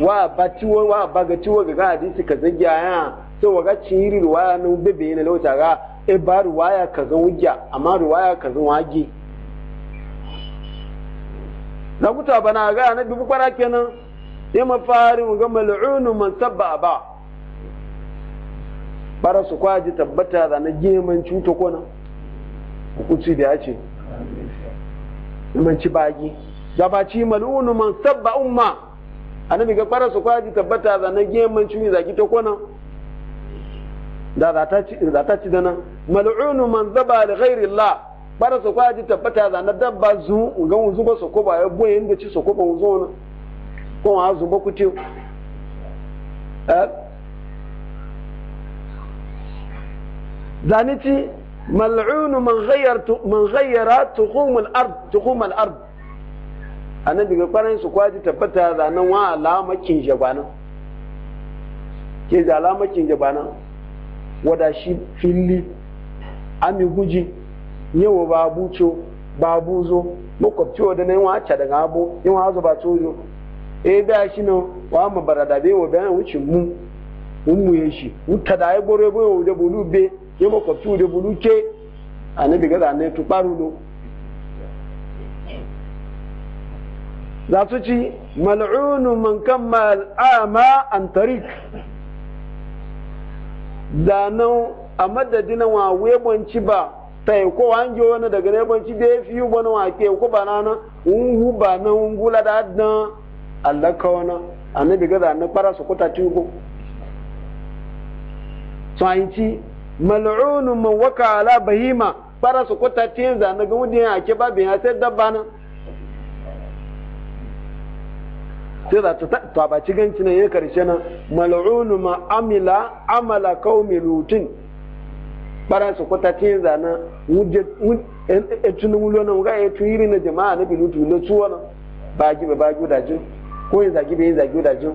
wa ba ciwo wa ba ga ciwo ga hadisi ka zagiya ya sai waga ciri ruwaya na bebe ne lauta ga e ba ruwaya ka zan wujja amma ruwaya ka zan wage na kuta bana ga na dubu kwara kenan ma fari mu ga mal'unu man sabba ba bara su kwaji tabbata da na geman cuta kona hukunci da ya ce manci bagi gabaci mal'unu man sabba umma annabi ga bara su kwaji tabbata da na geman cuta zaki ta kona da za ta ci dana mal'unu man zaba li ghairi Allah bara su kwa ji tabbata za na dabba zu ga wuzu ba ko ba ya boye inda ci ko ba wuzu na ko wa zu ba kuti eh ci mal'unu man ghayyartu man ghayyara tuqum al-ard tuqum al-ard annabi ga kwaran su kwa ji tabbata za wa alamakin jabana ke da alamakin jabana wada shi fili ami guji yewo babu cho babu zo makwabci wa da na yawa ca daga abu yawa zo ba tozo e da shi na wa ma barada be wa bayan wuce mu mun mu ye shi mu ta da ya gore bo da bulu be ye makwabci da bulu ke anabi ga da ne tu paru do za su ci mal'unu man kammal ama an tarik da nan a madadin wa webonci ba ta yi ko an ji wani daga webonci da ya fi yi wani wa ke ko bana na unhu ba na ungu la da dan Allah ka wani annabi da na kwara su kuta tuko so an ci mal'unun man waka ala bahima kwara su kuta tin na ga wudi ya ke babin ya sai dabba na. sai za ta tabaci ganci nan ya karshe nan mal'unu ma amila amala qaumi lutin baran su kwata ce zana wuje etun wulo nan ga etu yiri na jama'a na bilutu na tuwa nan ba gi ba gi da jin ko yin zagi bai zagi da jin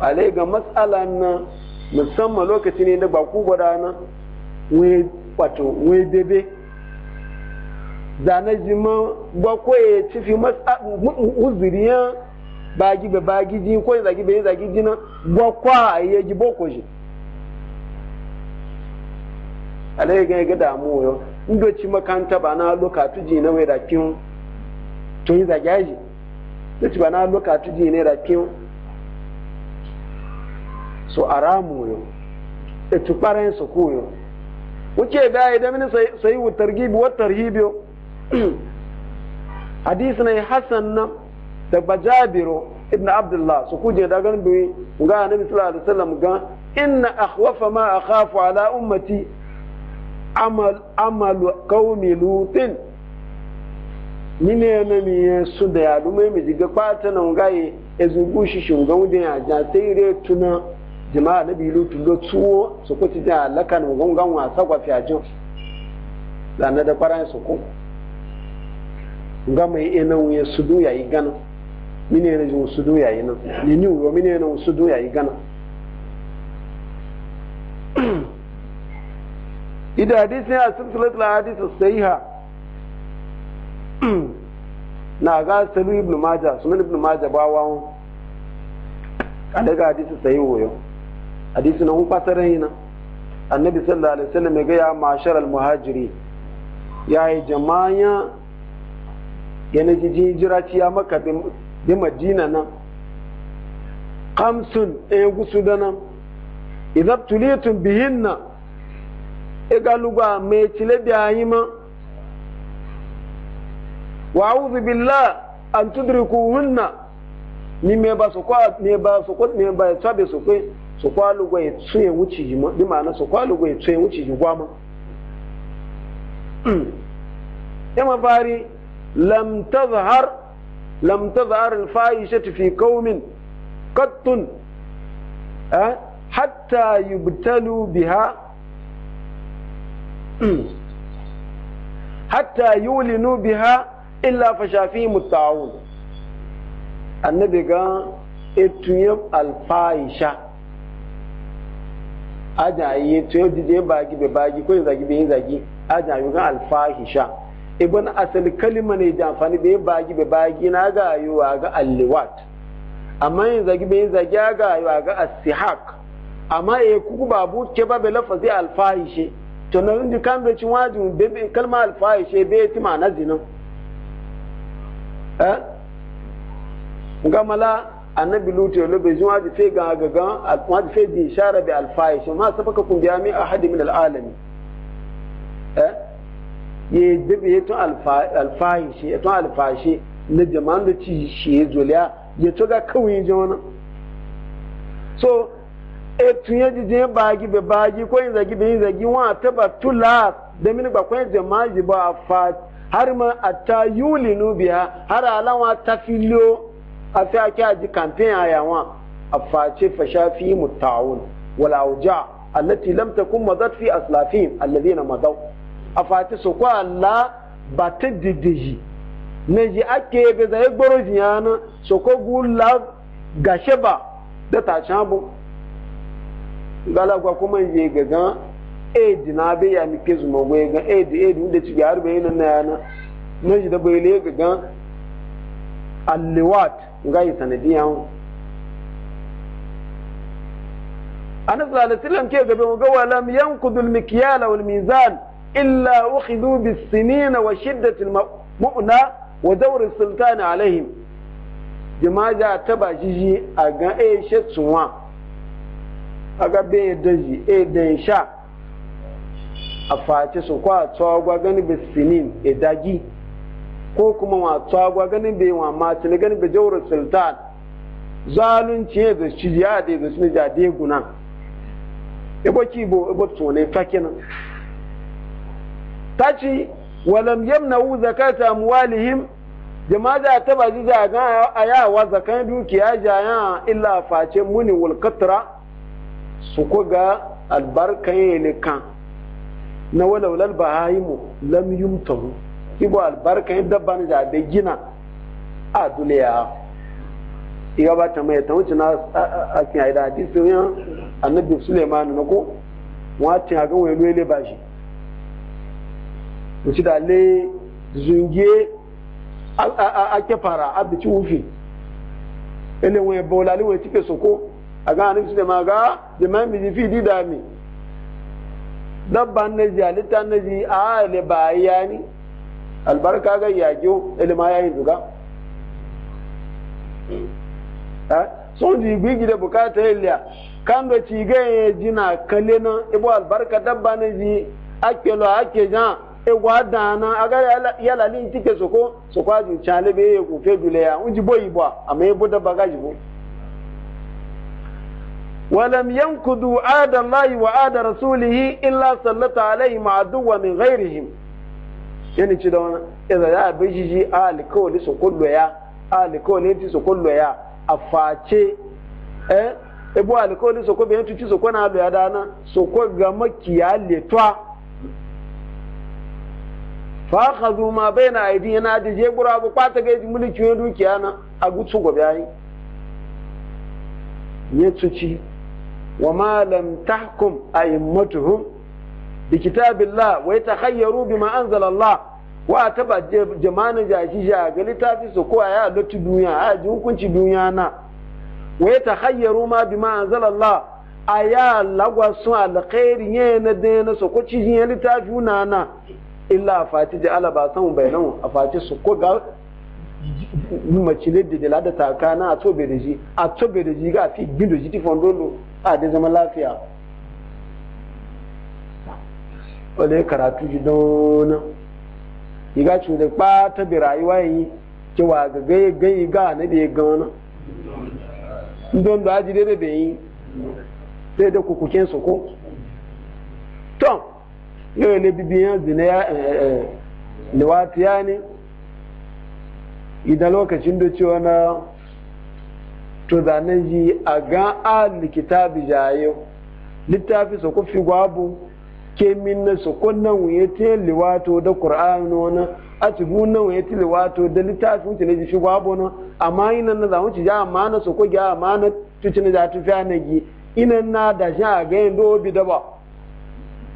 alai ga matsala na musamman lokaci ne da ba ku gwada na wato wai bebe zane jima gbakwai ya ci fi uzuriyan bagi be bagi jin ko zagi be zagi jina gwakwa ya ji boko ji alai ga ga damu yo ndo ci makanta ba na lokatu ji na mai rakin to yi zagaji da ci ba na lokatu ji ne rakin so aramu yo e tukparan su ko yo wuce da idan sai sai wutargibi wa tarhibi yo hadisi na hasan na daga jabiru ibn abdullah su kuje da gan bi ga annabi sallallahu alaihi wasallam ga inna akhwafa ma akhafu ala ummati amal amal qaumi lutin mine na mi su da yalu mai mi diga kwata na ngai ezugu shi shunga wudin ya ja sai re tuna jama'a nabi lutu do tuwo su kuti da lakan gongan wasa kwa fiajin da na da kwaran su ko gama yi ena wuya sudu ya yi gana mini yana jin sudu ya yi nan ne ni wuyo mini yana sudu ya yi gana ida hadisi ya silsilat la hadisi ha, na ga salu ibn majah sunan ibn maja ba wa daga hadisi sai wuyo hadisi na hun fasaran yi nan annabi sallallahu alaihi wasallam ya ga ya mashar al-muhajiri ya yi jama'a yana ji hijira ci ya maka bi madina nan kamsun ɗaya e gusu da nan idan tulitun bihin na igaluga e mai cile da yi ma wa auzu billah an tudriku hunna ni me ba su kwa me ba su kwa me ba ta be su kwa su kwa lugo ya tsuye wuce ji ma bi ma'ana su kwa lugo ya tsuye wuce ji gwama yamma fari لم تظهر لم تظهر الفاحشة في قوم قط آه، حتى يبتلوا بها حتى يولنوا بها إلا فشا فيهم الطاعون النبي قال اتيم الفاحشة أجا يتيم باقي باجي بباجي كل زاجي بين زاجي أجا يقول الفاحشة ibn asali kalima ne da ya bagi bai bagi na ga yiwa ga alliwat amma yin zagi bai zagi ga yiwa ga asihak amma e kuku babu ke ba bai lafazi alfahishe to na yin dukan bai cin wajin kalma alfahishe bai tima na zinan eh gamala annabi lutu ya lobe zuwa da fe ga gagan waji fe di shara bi alfahishe ma sabaka kun biya mi ahadi min alalami eh ya dabe ya tun na da shi ya zoliya ya to ga kawai ji wani so e tun ya jijin be ko yin zagi be yin zagi wa ta ba tula da mini ba ko ma ji ba har ma a ta yuli nubiya har ala ta filo a fi ake aji kamfen a yawan a face fashafi mutawun wala wuja allati lam takun madat fi aslafin alladhina madaw a fati su kwa la ba ta diddiji na ji ake bai zai gboro jiyana su ko gula gashe ba da ta can bu galagwa kuma yi gaga edi na bai ya mi ke zuma goyi ga edi edi inda ci ga bai yana na yana na ji da bai le gaga alliwat ga yi sanadiyan anas sallallahu alaihi wasallam ke gabe mu ga walam yankudul mikyala wal mizan illa ukhidhu bis-sinina wa shiddati al-mu'na wa dawr sultani sultan alaihim jama'a ta ba jiji a ga e shetsuwa a ga be daji e dan sha a face su kwa tsawagwa gani bis-sinin e dagi ko kuma wa tsawagwa gani be wa ma tili gani be dawr sultan zalunci ya da shi ya da da suna ja de guna e bo ki bo e bo tsone fakenan ta ce walam yamna yamna'u zakata muwalihim jama'a da ta baji jaga a yawa zakan dukiya jaya illa face muni wal su ku ga albarkan ne kan na walawlal bahayimu lam yumtahu ibo albarkan dabban da da gina a duniya iya ba ta mai ta wuce na a kin aida hadisi annabi Suleiman na ko wa tin ga wani lele ba shi wuce da le zunge a fara abda ci wufi ene wuye bolali wuye we tike soko ga hannun su da maga da man bi fi di da mi dabban na ji alita na ji a le ba ni albarka ga yajo ele ma yayi duga eh so ji gbigi da bukata iliya kan da ci ga jina kale na ibo e albarka dabba na ji lo ake jan egwa dana aga yala lin tike soko soko ajin chale be ko fe dule ya unji boyi bo amma yebo da bagaji bo ولم ينقضوا عهد الله وعهد رسوله إلا سلط عليهم عدوا من غيرهم yani ci da wani abin jiji a alikawali su kullu ya a alikawali ti su kullu ya a face eh ibu alikawali su kullu ya tuci su kuna alu ya dana su ga fa khadhu ma baina yana da je gura bu kwata ga mulki dukiya na a gutsu gobe yi. ya tsuci wa ma lam tahkum a'immatuhum bi kitabillah wa yatakhayyaru bima anzala Allah wa ataba jama'an jashi ja ga litafi su ko ya lutu duniya a ji hukunci duniya na ta yatakhayyaru ma bima anzala Allah aya lagwa sun alkhairi yana da yana su ko ci litafi na na illa a fati da ala ba san bayanan a fati su ko ga mace ne da dala da taka na a tobe da ji a tobe da ji ga fi gbin da ji ti fondolo a da zama lafiya wale karatu ji dona yi ga cin da ba ta bi rayuwa yi cewa ga gaye gaye ga na da ya gana don da aji da bai yi sai da kukuken su ko tom yau ne bibiyan zina ya eh, eh, eh, liwatiya ne idan lokacin da cewa na to zanen yi a gan a likita bijaye littafi su kufi gwabu ke minna su kunnan wuye ta liwato da ƙura'an wani a cikin nan wuye ta liwato da littafi wuce na jishi gwabu na amma yi nan na zamu ci ja amana su ko gya amana tuci na ja tufiya na gi inan na dashi a gayin dobi da ba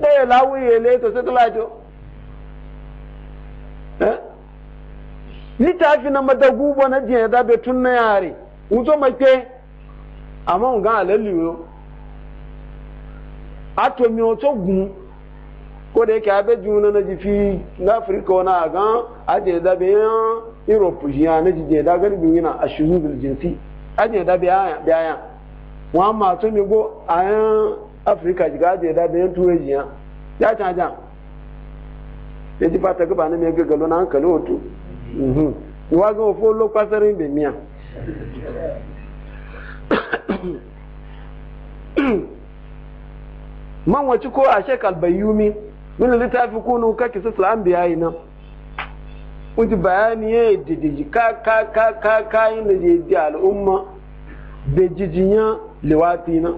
ɗaya lawu yele to satellite littafi na madagu na jiya da be tun na yare wuto make amma nga alalliyo ato mi oto gun ko da yake abe juna na jifi na afirka wani a gan ajiye da be yan europe jiya na jiye da garibin yana a shirin birjinsi ajiye da be aya wọn ma to mi go a afirika shiga da da bayan turai jiya ya canja ya e ji fata gaba na mai gagalo na hankali hoto wa ga wafo lo kwasarin bai miya man wace ko a shekal bayyumi min littafi kunu kake su an biya yi nan wuce bayani ya yi didiji ka ka ka ka kayan da je di al'umma da jijiyan liwati nan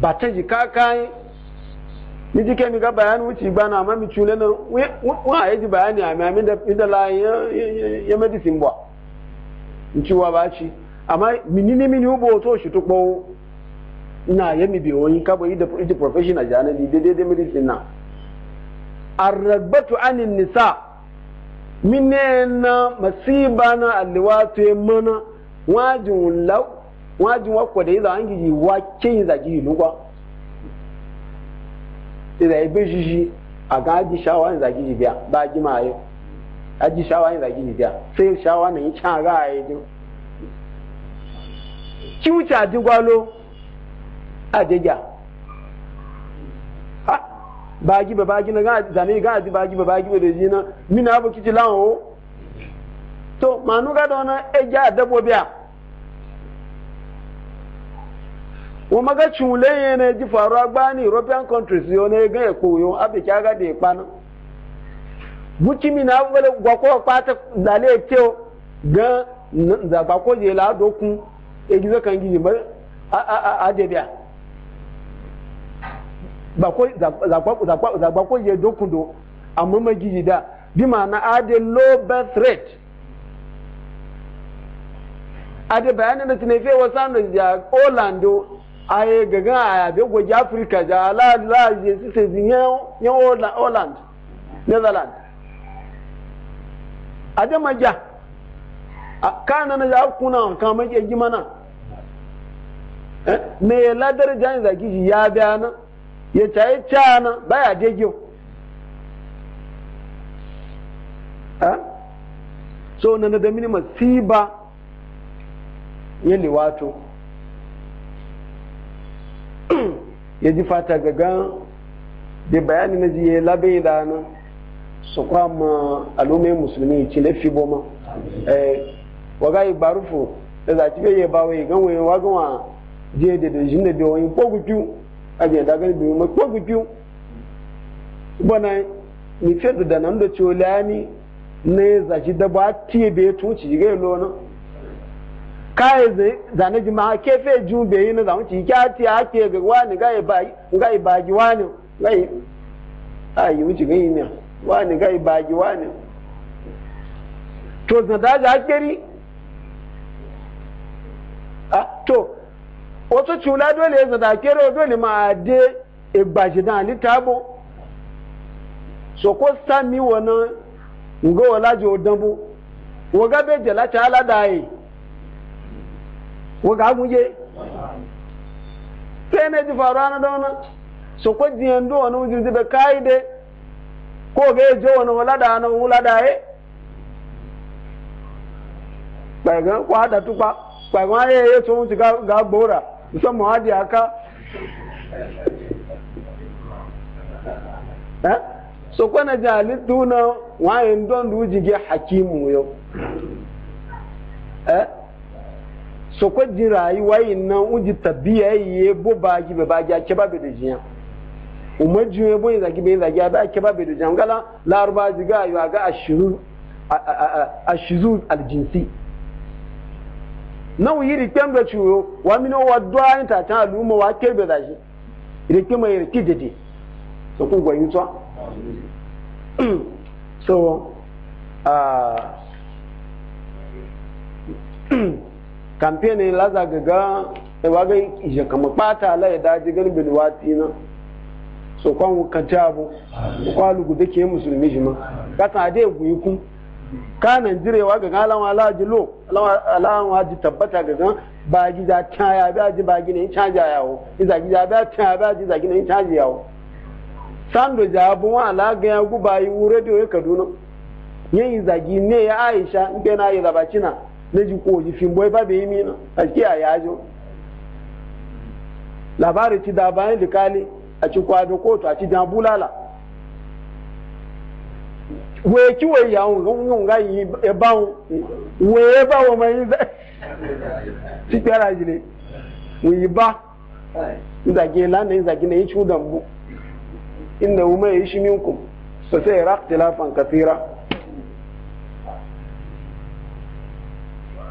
ba ta ji kakai ni bayani wuce ba na amma mi cule na wa ya ji bayani a mi da ida la ya ya ba in ci wa ba ci amma mini ne mini ubo to na ya mi biyo yin kabo ida ida professional janadi daidai da medicine na arragbatu anin nisa minne na masiba na alliwatu mana wajin lau wọ́n á ju wọn kọ̀ dé ìlà ń yìí wá kéyìn ìdajì ìlú wa ìlà ẹgbẹ́ ṣíṣí àgá ájì ṣáwá ìdajì ìbíà bá ájì máa yọ ájì ṣáwá ìdajì ìbíà ṣé ṣáwá nìyí tí àrà ayé dùn. kí wọ́n ti àdínkù ló àdéjà bá ájì bàbá ájì náà zàní gá àti bá ájì bàbá ájì bàbá ájì náà mí náà bó kìtì láwọn o tó màánú gádọ́ náà ẹ jẹ́ àdẹ́bọ̀ bíà. wo maga chule na ne ji faru agba european countries yo na ga ko yo abi kya ga de pan buci mi na wala gwa pa ta dale ga da ba je la dokun egize kan gizo a a a de bia ba za ko za ko za ko je dokun do amma ma gizo da bi ma na ade low birth rate ade bayanin da tunefe da aye gaga aya be go Africa ja la la je si se di yan yan Holland Netherland ade A kana na ja kuna kan maje gimana eh me la daraja da kiji ya bayana ya tayi cana baya dejo eh so na da mini masiba yele wato ya ji fata gaga da bayani na jiye labin da na su kwamma alumai musulmi ci lafi boma eh, waga yi barufu da zaci bai yi bawai gan wani wagawa je da da shi da da wani kogutu a je da gani biyu mai kogutu bana ni fe da nan da ciwo lani ne zaci da ba tiye bai tuci ga yi lona kai zane ji kefe ke fe ju be yin da wuci kya ti ake ga wani ga ayi ga ba ji wani ga ai wuci ga to zan da ga a to wato chula dole zan da kero dole ma de igbaji da ni tabo so ko sami wannan ngo wala jo dambu wo ga be jala ta dai waga gunje sai na ji faruwa na dauna so ko jiyan do wani wujin zibe kai de ko ga je wani wulada na wulada ye bai e ga ko hada tupa bai e ga ye ye so mutu ga ga bora musamman adi aka eh so ko na jali duna wa en don du jige hakimu yo eh so ko jin rayuwa yin nan unji tabiya ye bo baji be baji a keba be da jiya umma juye bo yin zagi be yin zagi a ba keba be da jiya ngala laruba jiga yo ga ashiru ashizu aljinsi nan yiri kembe chuyo wa mino wa dwa ni ta tan aluma wa kebe da shi ire kema ire kidede so ku gwayin so so ah campaign la za ga ga e wa ga kama pata la ya daji gani bin wati na so kwan wukanta abu kwa lugu da ke musulmi shi ma ka ta ade guyi kun ka nanjirewa ga galan wala ji ala alan waji tabbata ga gan ba gida ta ya ba ji ba gina in canja yawo iza gida ba ta ba ji za gina in canja yawo sando jabu wa ala ga ya guba yi wure da kaduna yin zagi ne ya aisha in na yi zabacina ji koji fin e boy fa be mina aski a yajo labari ti da bayan likali e a ci kwado kotu a ci dan bulala we ki we ya un un ga yi e ba un we e ba wo mai da ti kara jile we ba zage lana zage ne yi chudan bu inna umma yishminkum fa sayra ikhtilafan kathira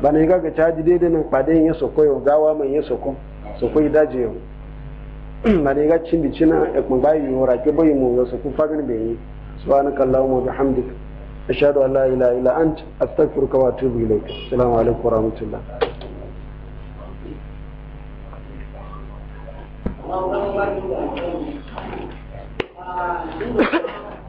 bana yi gaga caji daidai nan kwadai ya soko yau gawa man ya soko soko yi daji yau bana yi gaci bici na ekun bayi yau rake bayi mu ya soko fagen bai yi su subhanaka allahumma bihamdik ashhadu an la ila illa ant astaghfiruka wa atubu ilayk assalamu alaikum wa rahmatullah Allahumma